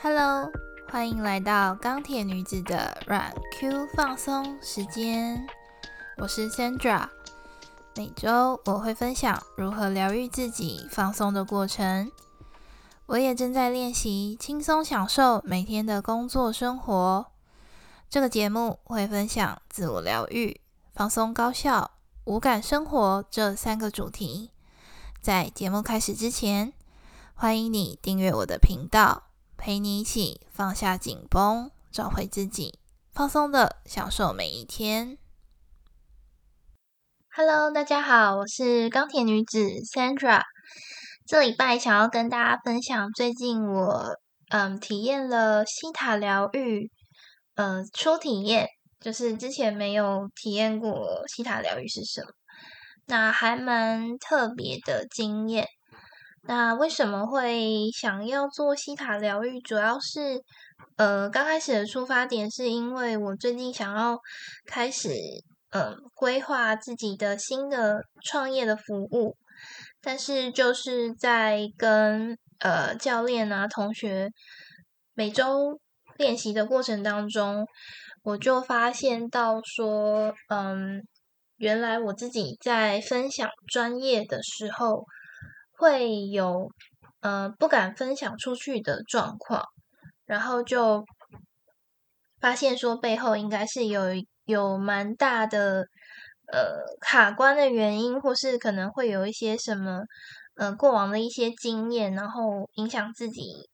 Hello，歡迎來到鋼鐵女子的軟 Q 放鬆時間。我是 Sandra，每週我會分享如何療癒自己、放鬆的過程。我也正在練習輕鬆享受每天的工作生活。這個節目會分享自我療癒、放鬆高效、無感生活這三個主題。在節目開始之前，歡迎你訂閱我的頻道。陪你一起放下緊繃，找回自己，放鬆的享受每一天。Hello，大家好，我是鋼鐵女芷 Sandra。這禮拜想要跟大家分享，最近我嗯體驗了希塔療癒，呃、嗯，初體驗就是之前沒有體驗過希塔療癒是什麼，那還蠻特別的經驗。那為什麼會想要做希塔療癒？主要是，呃，剛開始的出發點是因為我最近想要開始，嗯、呃，規劃自己的新的創業的服務，但是就是在跟呃教練啊同學每週練習的過程當中，我就發現到說，嗯、呃，原來我自己在分享專業的時候。會有呃不敢分享出去的狀況，然後就發現說背後應該是有有蠻大的呃卡關的原因，或是可能會有一些什麼呃過往的一些經驗，然後影響自己，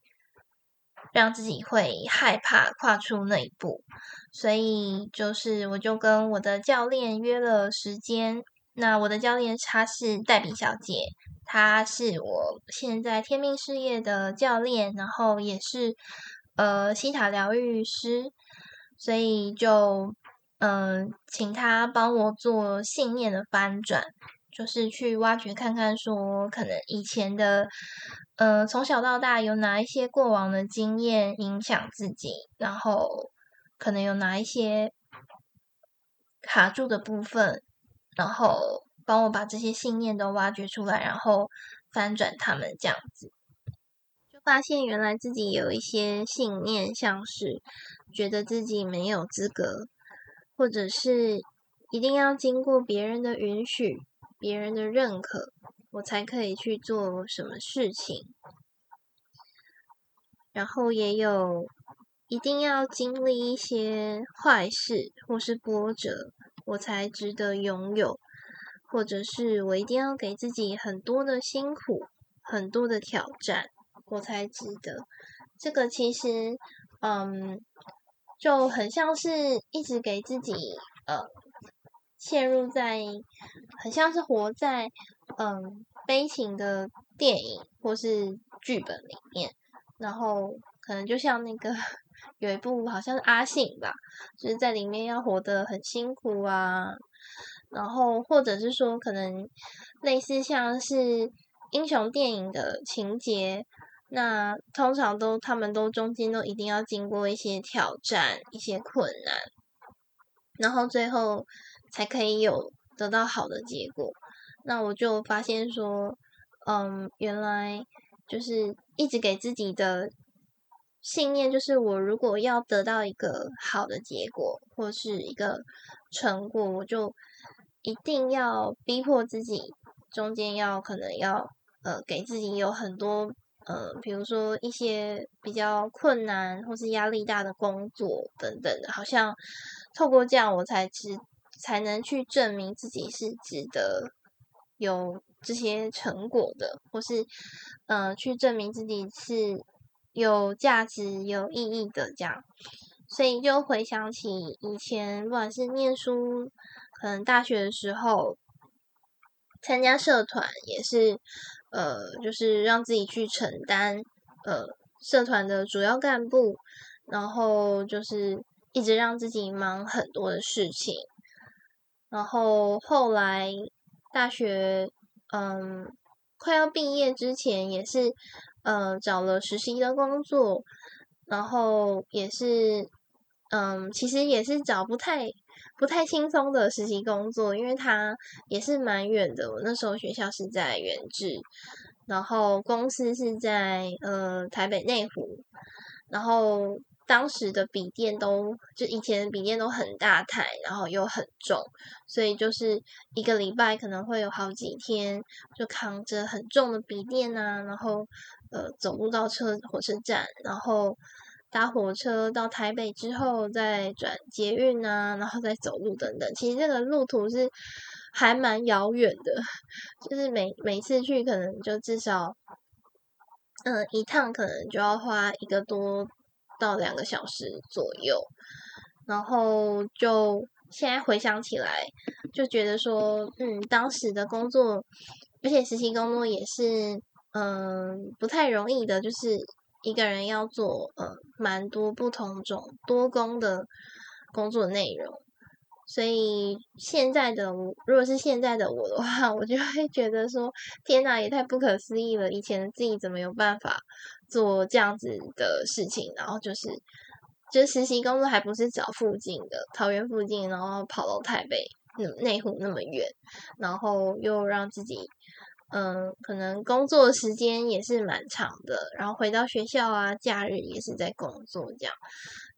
讓自己會害怕跨出那一步，所以就是我就跟我的教練約了時間，那我的教練她是戴比小姐。他是我現在天命事業的教練，然後也是呃希塔療癒師，所以就嗯、呃、請他幫我做信念的翻轉，就是去挖掘看看說，可能以前的呃從小到大有哪一些過往的經驗影響自己，然後可能有哪一些卡住的部分，然後，幫我把這些信念都挖掘出來，然後翻轉他們，這樣子就發現原來自己有一些信念，像是覺得自己沒有資格，或者是一定要經過別人的允許、別人的認可，我才可以去做什麼事情。然後也有一定要經歷一些壞事或是波折，我才值得擁有。或者是我一定要給自己很多的辛苦，很多的挑戰，我才值得。這個其實，嗯，就很像是一直給自己呃、嗯，陷入在，很像是活在，嗯，悲情的電影或是劇本裡面。然後可能就像那個有一部好像是阿信吧，就是在裡面要活得很辛苦啊。然後，或者是說，可能類似像是英雄電影的情節，那通常都他們都中間都一定要經過一些挑戰、一些困難，然後最後才可以有得到好的結果。那我就發現說，嗯，原來就是一直給自己的信念，就是我如果要得到一個好的結果或是一個成果，我就。一定要逼迫自己，中間要可能要呃，給自己有很多呃，比如說一些比較困難或是壓力大的工作等等的，好像透過這樣我才知才能去證明自己是值得有這些成果的，或是呃，去證明自己是有價值、有意義的。這樣，所以就回想起以前，不管是念書。可能大學的時候參加社團也是，呃，就是讓自己去承擔，呃，社團的主要幹部，然後就是一直讓自己忙很多的事情，然後後來大學，嗯，快要畢業之前也是，呃，找了實習的工作，然後也是，嗯，其實也是找不太。不太輕鬆的實習工作，因為它也是蠻遠的。我那時候學校是在元智，然後公司是在呃台北內湖，然後當時的筆電都就以前筆電都很大台，然後又很重，所以就是一個禮拜可能會有好幾天就扛着很重的筆電啊，然後呃走路到車火車站，然後。搭火車到台北之後，再轉捷運啊，然後再走路等等。其實這個路途是還蠻遙遠的，就是每每次去可能就至少，嗯，一趟可能就要花一個多到兩個小時左右。然後就現在回想起來，就覺得說，嗯，當時的工作，而且實習工作也是，嗯，不太容易的，就是。一個人要做呃蠻、嗯、多不同種多工的工作內容，所以現在的我如果是現在的我的話，我就會覺得說天哪、啊，也太不可思議了！以前自己怎麼有辦法做這樣子的事情？然後就是，就實習工作還不是找附近的桃園附近，然後跑到台北、內湖那麼遠，然後又讓自己。嗯，可能工作時間也是蠻長的，然後回到學校啊，假日也是在工作，這樣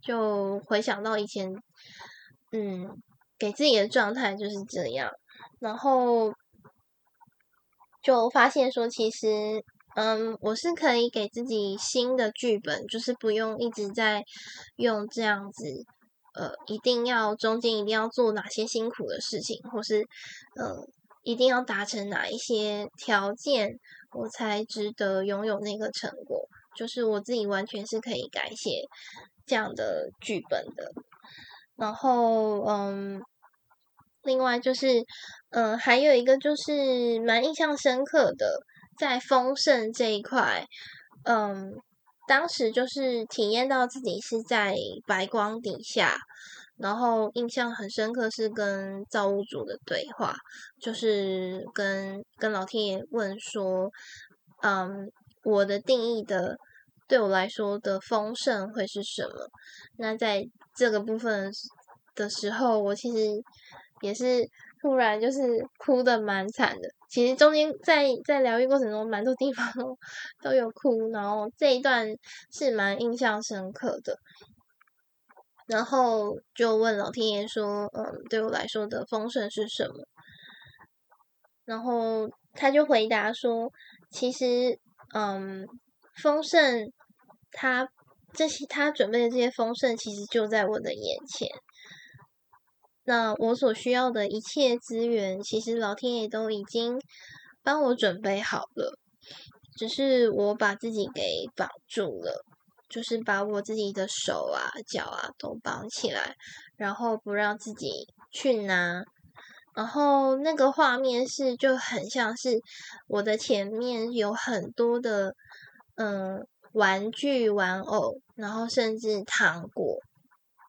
就回想到以前，嗯，給自己的狀態就是這樣，然後就發現說，其實，嗯，我是可以給自己新的劇本，就是不用一直在用這樣子，呃，一定要中間一定要做哪些辛苦的事情，或是，嗯。一定要達成哪一些條件，我才值得擁有那個成果？就是我自己完全是可以改寫這樣的劇本的。然後，嗯，另外就是，嗯，還有一個就是蠻印象深刻的，在豐盛這一塊，嗯，當時就是體驗到自己是在白光底下。然後印象很深刻是跟造物主的對話，就是跟跟老天爺問說，嗯，我的定義的對我來說的豐盛會是什麼？那在這個部分的時候，我其實也是突然就是哭得蠻慘的。其實中間在在療癒過程中，蠻多地方都有哭，然後這一段是蠻印象深刻的。然後就問老天爺說：“嗯，對我來說的豐盛是什麼？”然後他就回答說：“其實，嗯，豐盛，他這些他準備的這些豐盛，其實就在我的眼前。那我所需要的一切資源，其實老天爺都已經幫我準備好了，只是我把自己給綁住了。”就是把我自己的手啊、腳啊都綁起來，然後不讓自己去拿。然後那個畫面是就很像是我的前面有很多的嗯玩具、玩偶，然後甚至糖果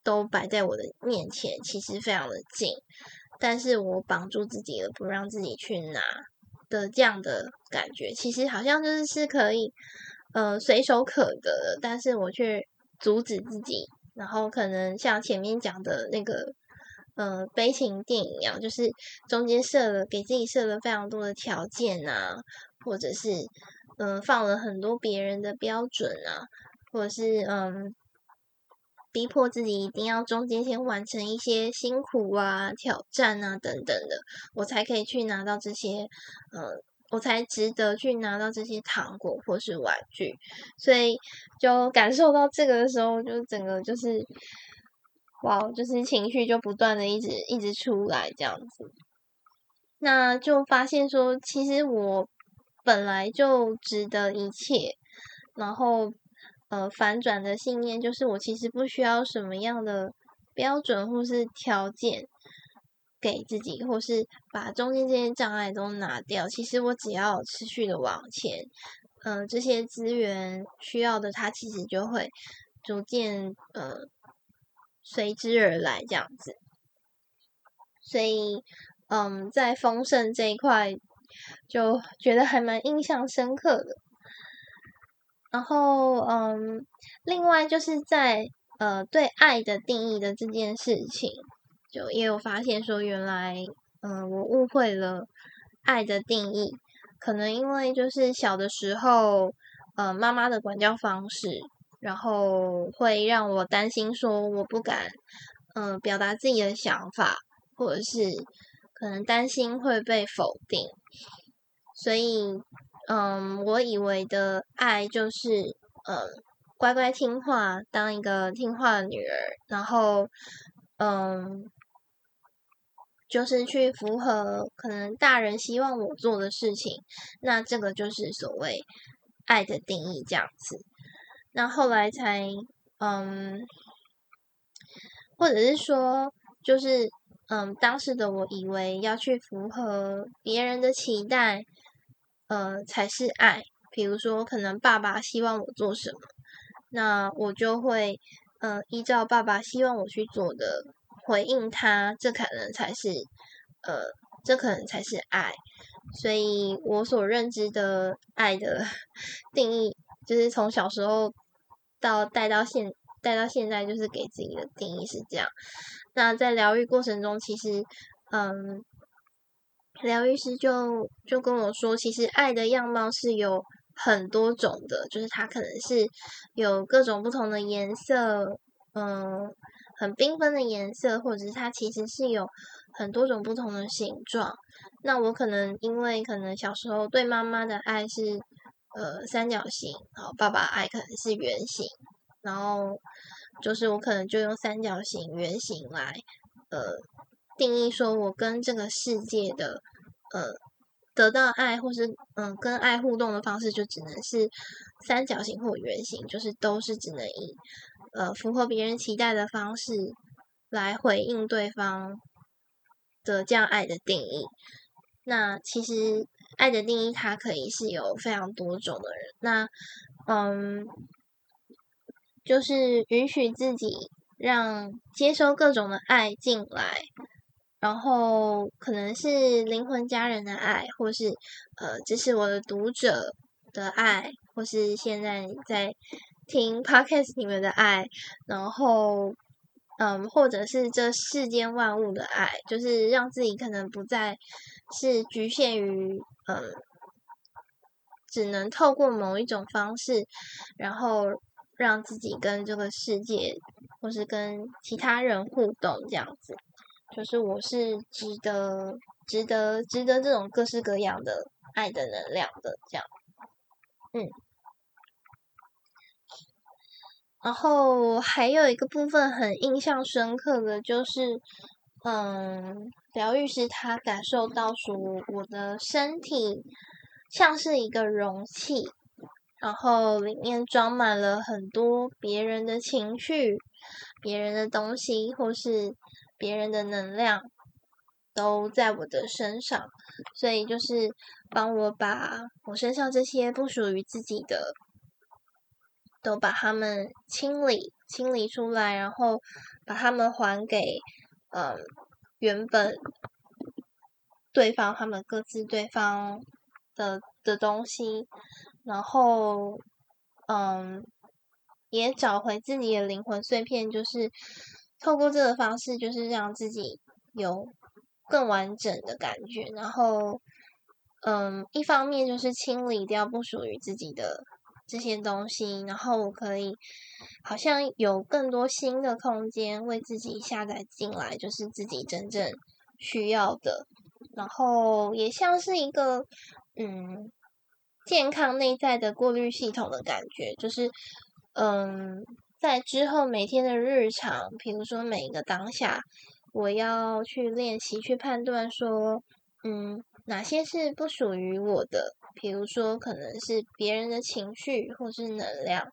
都擺在我的面前，其實非常的近。但是我綁住自己了，不讓自己去拿的這樣的感覺，其實好像就是是可以。呃，隨手可得，但是我卻阻止自己，然後可能像前面講的那個，呃，悲情電影一樣，就是中間設了給自己設了非常多的條件啊，或者是嗯、呃，放了很多別人的標準啊，或者是嗯、呃，逼迫自己一定要中間先完成一些辛苦啊、挑戰啊等等的，我才可以去拿到這些，呃。我才值得去拿到這些糖果或是玩具，所以就感受到這個的時候，就整個就是，哇，就是情緒就不斷的一直一直出來這樣子。那就發現說，其實我本來就值得一切，然後呃，反轉的信念就是，我其實不需要什麼樣的標準或是條件。給自己，或是把中間這些障礙都拿掉。其實我只要持續的往前，嗯、呃，這些資源需要的，它其實就會逐漸嗯、呃、隨之而來，這樣子。所以，嗯、呃，在豐盛這一塊，就覺得還蠻印象深刻的。然後，嗯、呃，另外就是在呃對愛的定義的這件事情。因為我發現說，原來嗯、呃，我誤會了愛的定義。可能因為就是小的時候，呃，媽媽的管教方式，然後會讓我擔心，說我不敢嗯、呃、表達自己的想法，或者是可能擔心會被否定。所以嗯、呃，我以為的愛就是嗯、呃、乖乖聽話，當一個聽話的女兒，然後嗯。呃就是去符合可能大人希望我做的事情，那這個就是所謂愛的定義這樣子。那後來才嗯，或者是說，就是嗯，當時的我以為要去符合別人的期待，呃、嗯，才是愛。比如說，可能爸爸希望我做什麼，那我就會嗯依照爸爸希望我去做的。回應他，這可能才是，呃，這可能才是愛。所以我所認知的愛的定義，就是從小時候到帶到現帶到現在，就是給自己的定義是這樣。那在療癒過程中，其實，嗯，療癒師就就跟我說，其實愛的樣貌是有很多種的，就是它可能是有各種不同的顏色，嗯。很繽紛的顏色，或者是它其實是有很多種不同的形狀。那我可能因為可能小時候對媽媽的愛是呃三角形，然後爸爸愛可能是圓形，然後就是我可能就用三角形、圓形來呃定義，說我跟這個世界的呃得到愛，或是嗯、呃、跟愛互動的方式，就只能是三角形或圓形，就是都是只能以。呃，符合別人期待的方式來回應對方的這樣愛的定義。那其實愛的定義，它可以是有非常多種的人。那嗯，就是允許自己讓接收各種的愛進來，然後可能是靈魂家人的愛，或是呃，這是我的讀者的愛，或是現在在。聽 Podcast 裡面的愛，然後，嗯，或者是這世間萬物的愛，就是讓自己可能不再是局限於嗯，只能透過某一種方式，然後讓自己跟這個世界或是跟其他人互動這樣子，就是我是值得、值得、值得這種各式各樣的愛的能量的這樣，嗯。然後還有一個部分很印象深刻的就是，嗯，療癒師他感受到說，我的身體像是一個容器，然後裡面裝滿了很多別人的情緒、別人的東西或是別人的能量，都在我的身上，所以就是幫我把我身上這些不屬於自己的。都把他們清理清理出來，然後把他們還給嗯，原本對方他們各自對方的的東西，然後嗯，也找回自己的靈魂碎片，就是透過這個方式，就是讓自己有更完整的感覺。然後嗯，一方面就是清理掉不屬於自己的。這些東西，然後我可以好像有更多新的空間為自己下載進來，就是自己真正需要的。然後也像是一個嗯，健康內在的過濾系統的感覺，就是嗯，在之後每天的日常，比如說每一個當下，我要去練習，去判斷說，嗯。哪些是不屬於我的？比如說，可能是別人的情緒，或是能量，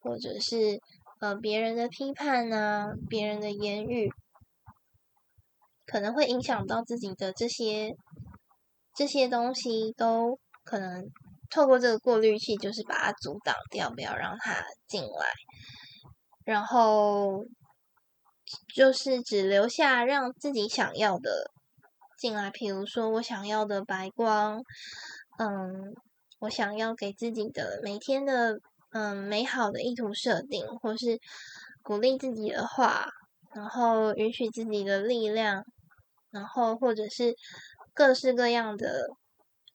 或者是呃別人的批判啊，別人的言語，可能會影響到自己的這些這些東西，都可能透過這個過濾器，就是把它阻擋掉，不要讓它進來，然後就是只留下讓自己想要的。進來，譬如說我想要的白光，嗯，我想要給自己的每天的嗯美好的意圖設定，或是鼓勵自己的話，然後允許自己的力量，然後或者是各式各樣的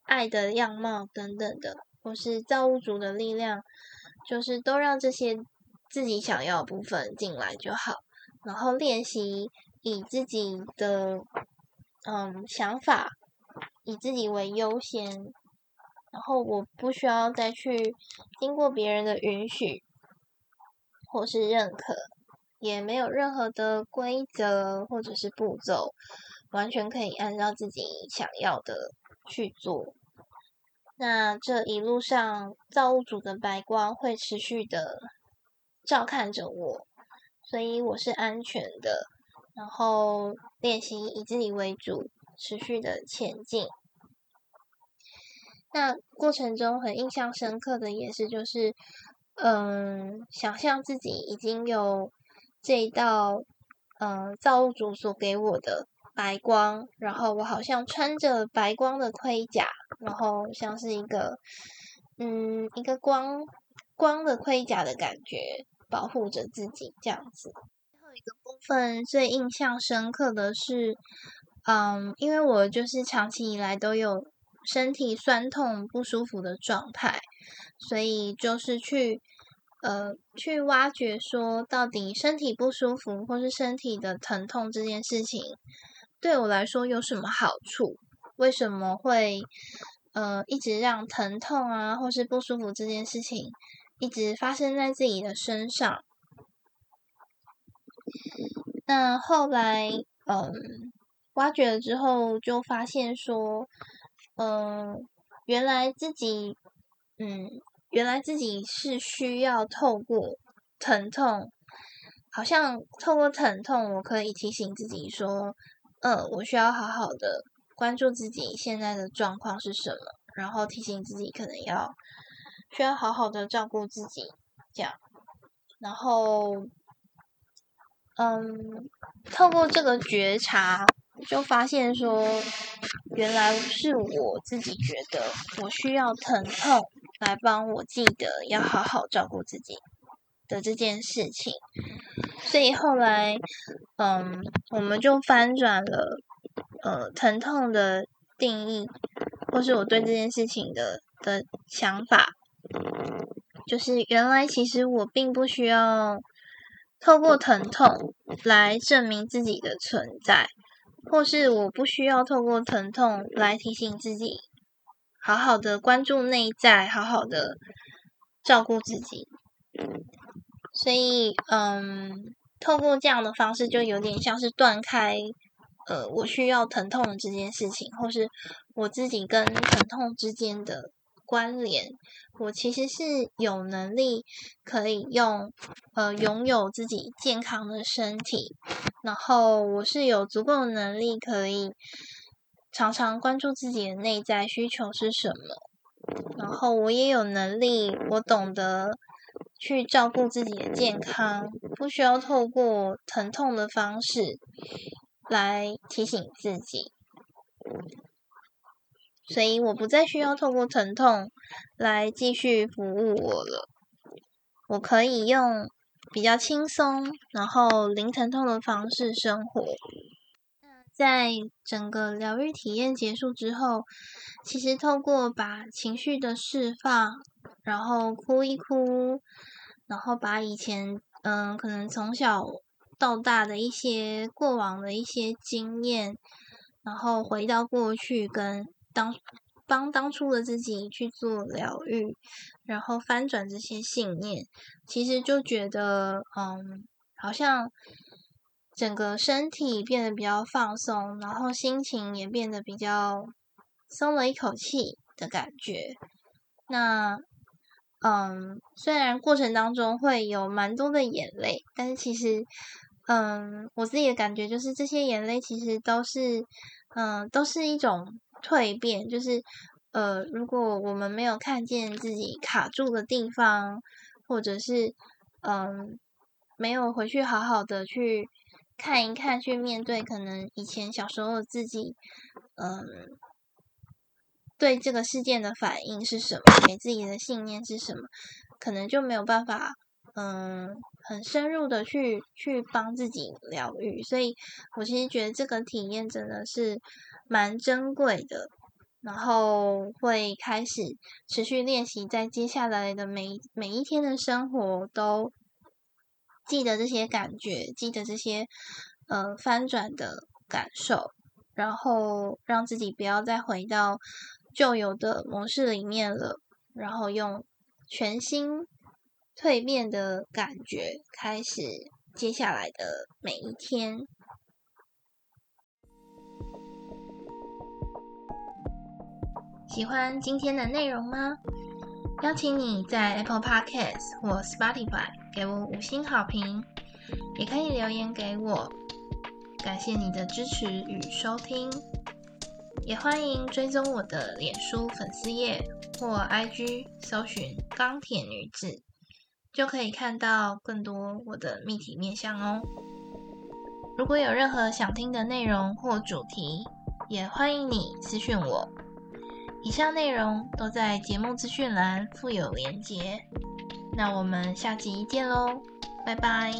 愛的樣貌等等的，或是造物主的力量，就是都讓這些自己想要的部分進來就好，然後練習以自己的。嗯，想法以自己為優先，然後我不需要再去經過別人的允許或是認可，也沒有任何的規則或者是步驟，完全可以按照自己想要的去做。那這一路上，造物主的白光會持續的照看着我，所以我是安全的。然後練習以自己為主，持續的前進。那過程中很印象深刻的也是，就是嗯，想象自己已經有這一道嗯，造物主所給我的白光，然後我好像穿着白光的盔甲，然後像是一個嗯，一個光光的盔甲的感覺，保護着自己這樣子。有一個部分最印象深刻的是，嗯，因為我就是長期以來都有身體酸痛不舒服的狀態，所以就是去呃去挖掘說，到底身體不舒服或是身體的疼痛這件事情，對我來說有什麼好處？為什麼會呃一直讓疼痛啊或是不舒服這件事情一直發生在自己的身上？那後來，嗯，挖掘了之後，就發現說，嗯，原來自己，嗯，原來自己是需要透過疼痛，好像透過疼痛，我可以提醒自己說，嗯，我需要好好的關注自己現在的狀況是什麼，然後提醒自己可能要需要好好的照顧自己，這樣，然後。嗯，透過這個覺察，就發現說，原來是我自己覺得我需要疼痛來幫我記得要好好照顧自己的這件事情。所以後來，嗯，我們就翻轉了，呃，疼痛的定義，或是我對這件事情的的想法，就是原來其實我並不需要。透過疼痛來證明自己的存在，或是我不需要透過疼痛來提醒自己，好好的關注內在，好好的照顧自己。所以，嗯，透過這樣的方式，就有點像是斷開，呃，我需要疼痛的這件事情，或是我自己跟疼痛之間的。關聯，我其實是有能力可以用，呃，擁有自己健康的身體，然後我是有足夠的能力可以常常關注自己的內在需求是什麼，然後我也有能力，我懂得去照顧自己的健康，不需要透過疼痛的方式來提醒自己。所以我不再需要透過疼痛來繼續服務我了，我可以用比較輕鬆，然後零疼痛的方式生活。在整個療癒體驗結束之後，其實透過把情緒的釋放，然後哭一哭，然後把以前嗯可能從小到大的一些過往的一些經驗，然後回到過去跟。當幫當初的自己去做療癒，然後翻轉這些信念，其實就覺得嗯，好像整個身體變得比較放鬆，然後心情也變得比較鬆了一口氣的感覺。那嗯，雖然過程當中會有蠻多的眼淚，但是其實嗯，我自己的感覺就是這些眼淚其實都是嗯，都是一種。蛻變就是，呃，如果我們沒有看見自己卡住的地方，或者是嗯，沒有回去好好的去看一看，去面對可能以前小時候自己，嗯，對這個事件的反應是什麼，給自己的信念是什麼，可能就沒有辦法，嗯。很深入的去去幫自己療癒，所以我其實覺得這個體驗真的是蠻珍貴的。然後會開始持續練習，在接下來的每每一天的生活都記得這些感覺，記得這些呃翻轉的感受，然後讓自己不要再回到舊有的模式裡面了，然後用全新。蛻變的感覺，開始接下來的每一天。喜歡今天的內容嗎？邀請你在 Apple Podcast 或 Spotify 給我五星好評，也可以留言給我。感謝你的支持與收聽，也歡迎追蹤我的臉書粉絲頁或 IG，搜尋“鋼鐵女芷”。就可以看到更多我的秘體面向哦。如果有任何想聽的內容或主題，也歡迎你私訊我。以上內容都在節目資訊欄附有連結。那我們下集見嘍，拜拜。